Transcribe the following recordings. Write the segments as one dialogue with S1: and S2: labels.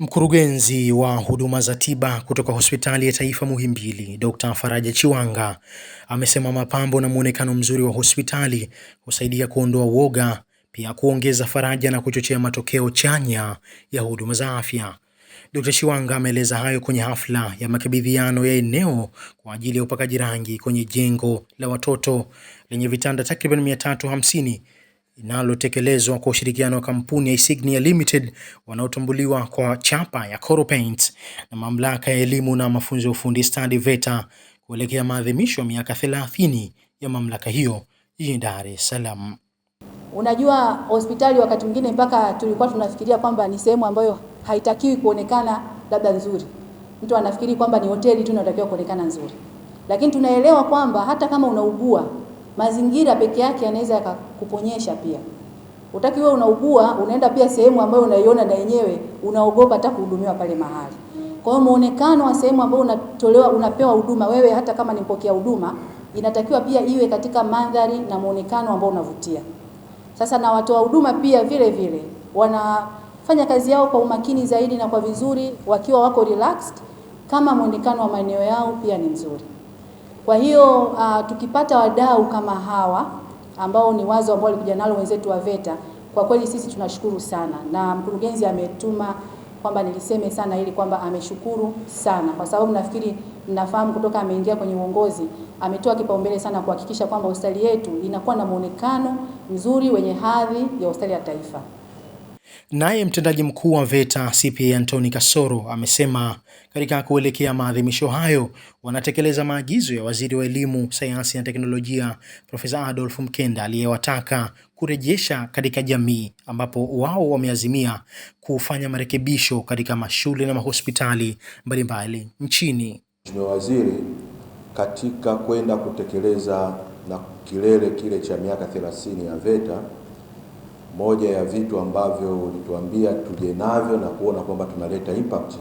S1: Mkurugenzi wa huduma za tiba kutoka hospitali ya taifa Muhimbili, Dr. Faraja Chiwanga amesema mapambo na mwonekano mzuri wa hospitali husaidia kuondoa woga, pia kuongeza faraja na kuchochea matokeo chanya ya huduma za afya. Dr. Chiwanga ameeleza hayo kwenye hafla ya makabidhiano ya eneo kwa ajili ya upakaji rangi kwenye jengo la watoto lenye vitanda takriban 350 linalotekelezwa kwa ushirikiano wa kampuni ya Insignia Limited wanaotambuliwa kwa chapa ya Coral Paint na mamlaka ya elimu na mafunzo ya ufundi stadi VETA kuelekea maadhimisho ya miaka 30 ya mamlaka hiyo jijini Dar es Salaam.
S2: Unajua, hospitali wakati mwingine mpaka tulikuwa tunafikiria kwamba ni sehemu ambayo haitakiwi kuonekana labda nzuri. Mtu anafikiri kwamba ni hoteli tu inatakiwa kuonekana nzuri, lakini tunaelewa kwamba hata kama unaugua Mazingira peke yake yanaweza yakakuponyesha pia. Utaki wewe unaugua, unaenda pia sehemu ambayo unaiona na yenyewe unaogopa hata kuhudumiwa pale mahali. Kwa hiyo muonekano wa sehemu ambayo unatolewa unapewa huduma wewe, hata kama ni mpokea huduma, inatakiwa pia iwe katika mandhari na muonekano ambao unavutia. Sasa na watoa huduma pia vile vile wanafanya kazi yao kwa umakini zaidi na kwa vizuri wakiwa wako relaxed, kama muonekano wa maeneo yao pia ni mzuri. Kwa hiyo uh, tukipata wadau kama hawa ambao ni wazo ambao walikuja nalo wenzetu wa VETA, kwa kweli sisi tunashukuru sana, na mkurugenzi ametuma kwamba niliseme sana ili kwamba ameshukuru sana, kwa sababu nafikiri mnafahamu kutoka ameingia kwenye uongozi ametoa kipaumbele sana kuhakikisha kwamba hospitali yetu inakuwa na muonekano mzuri wenye hadhi ya hospitali ya taifa.
S1: Naye mtendaji mkuu wa VETA CPA antoni Kasoro amesema katika kuelekea maadhimisho hayo wanatekeleza maagizo ya waziri wa elimu, sayansi na teknolojia Profesa Adolf Mkenda aliyewataka kurejesha katika jamii, ambapo wao wameazimia kufanya marekebisho katika mashule na mahospitali mbalimbali nchini.
S3: Mheshimiwa Waziri, katika kwenda kutekeleza na kilele kile cha miaka 30 ya VETA moja ya vitu ambavyo ulituambia tuje navyo na kuona kwamba tunaleta impact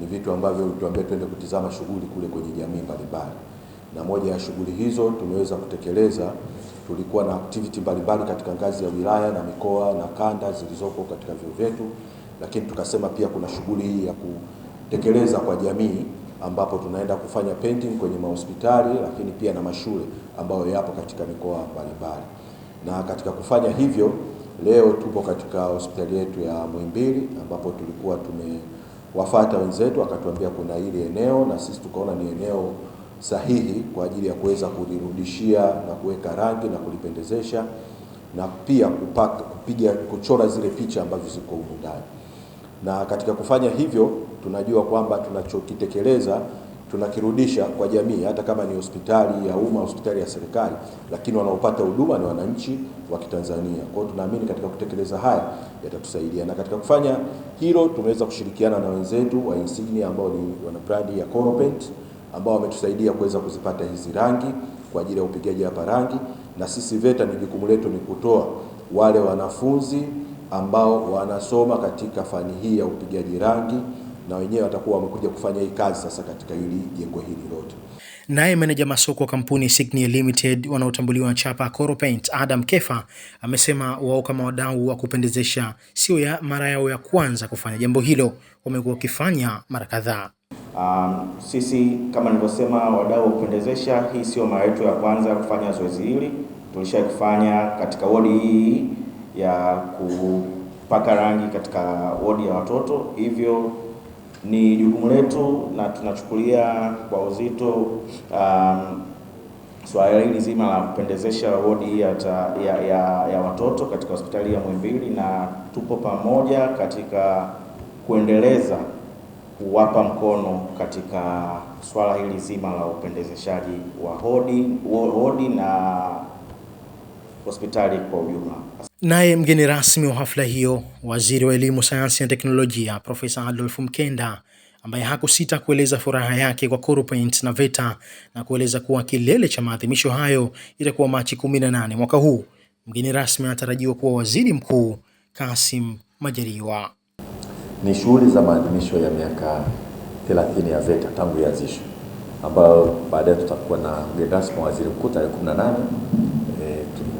S3: ni vitu ambavyo ulituambia twende kutizama shughuli kule kwenye jamii mbalimbali, na moja ya shughuli hizo tumeweza kutekeleza. Tulikuwa na activity mbalimbali katika ngazi ya wilaya na mikoa na kanda zilizoko katika vyuo vyetu, lakini tukasema pia kuna shughuli hii ya kutekeleza kwa jamii ambapo tunaenda kufanya painting kwenye mahospitali lakini pia na mashule ambayo yapo katika mikoa mbalimbali, na katika kufanya hivyo Leo tupo katika hospitali yetu ya Muhimbili ambapo tulikuwa tumewafata wenzetu, akatuambia kuna hili eneo, na sisi tukaona ni eneo sahihi kwa ajili ya kuweza kulirudishia na kuweka rangi na kulipendezesha na pia kupaka, kupiga, kuchora zile picha ambazo ziko humu ndani, na katika kufanya hivyo tunajua kwamba tunachokitekeleza tunakirudisha kwa jamii, hata kama ni hospitali ya umma, hospitali ya serikali, lakini wanaopata huduma ni wananchi wa Kitanzania. Kwa hiyo tunaamini katika kutekeleza haya yatatusaidia, na katika kufanya hilo tumeweza kushirikiana na wenzetu wa Insignia ambao ni wana brandi ya Coral Paint ambao wametusaidia kuweza kuzipata hizi rangi kwa ajili ya upigaji hapa rangi, na sisi VETA ni jukumu letu ni kutoa wale wanafunzi ambao wanasoma katika fani hii ya upigaji rangi na wenyewe watakuwa wamekuja kufanya hii kazi sasa katika hili jengo hili lote.
S1: Naye meneja masoko wa kampuni Signia Limited wanaotambuliwa na chapa Coral Paint Adam Kefa amesema wao kama wadau wa kupendezesha sio ya mara yao ya kwanza kufanya jambo hilo, wamekuwa wakifanya mara kadhaa.
S4: Um, sisi kama nilivyosema, wadau wa kupendezesha, hii sio mara yetu ya kwanza kufanya zoezi hili. tulishakufanya katika wodi hii ya kupaka rangi katika wodi ya watoto, hivyo ni jukumu letu na tunachukulia kwa uzito um, swala hili zima la kupendezesha wodi ya, ya, ya, ya watoto katika hospitali ya Muhimbili, na tupo pamoja katika kuendeleza kuwapa mkono katika swala hili zima la upendezeshaji wa hodi, hodi na hospitali kwa ujumla.
S1: Naye mgeni rasmi wa hafla hiyo, waziri wa elimu, sayansi na teknolojia Profesa Adolf Mkenda ambaye hakusita kueleza furaha yake kwa Kurupoint na VETA na kueleza kuwa kilele cha maadhimisho hayo itakuwa Machi 18 mwaka huu. Mgeni rasmi anatarajiwa kuwa Waziri Mkuu Kasim Majaliwa.
S5: Ni shughuli za maadhimisho ya miaka 30 ya VETA tangu ianzishwe, ambayo baadaye tutakuwa na mgeni rasmi wa waziri mkuu tarehe 18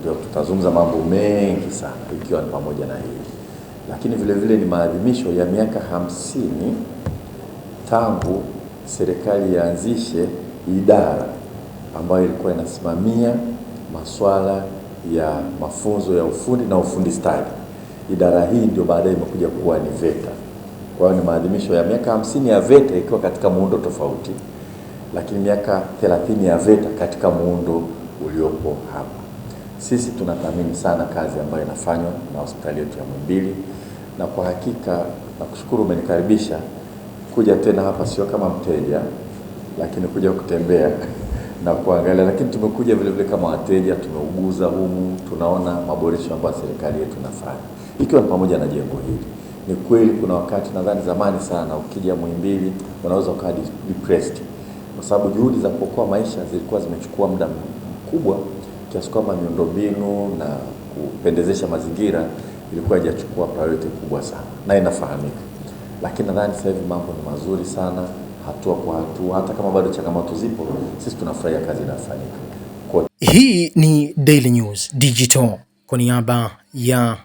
S5: ndio tutazungumza mambo mengi sana, ikiwa ni pamoja na hili lakini vile vile ni maadhimisho ya miaka hamsini tangu serikali yaanzishe idara ambayo ilikuwa inasimamia masuala ya mafunzo ya ufundi na ufundi stadi. Idara hii ndio baadaye imekuja kuwa ni VETA. Kwa hiyo ni maadhimisho ya miaka hamsini ya VETA ikiwa katika muundo tofauti, lakini miaka thelathini ya VETA katika muundo uliopo hapa. Sisi tunathamini sana kazi ambayo inafanywa na hospitali yetu ya Muhimbili, na kwa hakika nakushukuru, umenikaribisha kuja tena hapa, sio kama mteja, lakini kuja kutembea na kuangalia, lakini tumekuja vile vile kama wateja, tumeuguza humu, tunaona maboresho ambayo serikali yetu inafanya, ikiwa ni pamoja na jengo hili. Ni kweli kuna wakati nadhani zamani sana ukija Muhimbili unaweza ukawa depressed, kwa sababu juhudi za kuokoa maisha zilikuwa zimechukua muda mkubwa kiasi kwamba miundombinu na kupendezesha mazingira ilikuwa haijachukua priority kubwa sana na inafahamika, lakini nadhani sasa hivi mambo ni mazuri sana, hatua kwa hatua. Hata kama bado changamoto zipo, sisi tunafurahia kazi inayofanyika.
S1: Hii ni Daily News Digital. Kwa niaba ya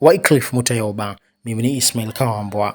S1: Wycliffe Mutayoba, mimi ni Ismail Kawambwa.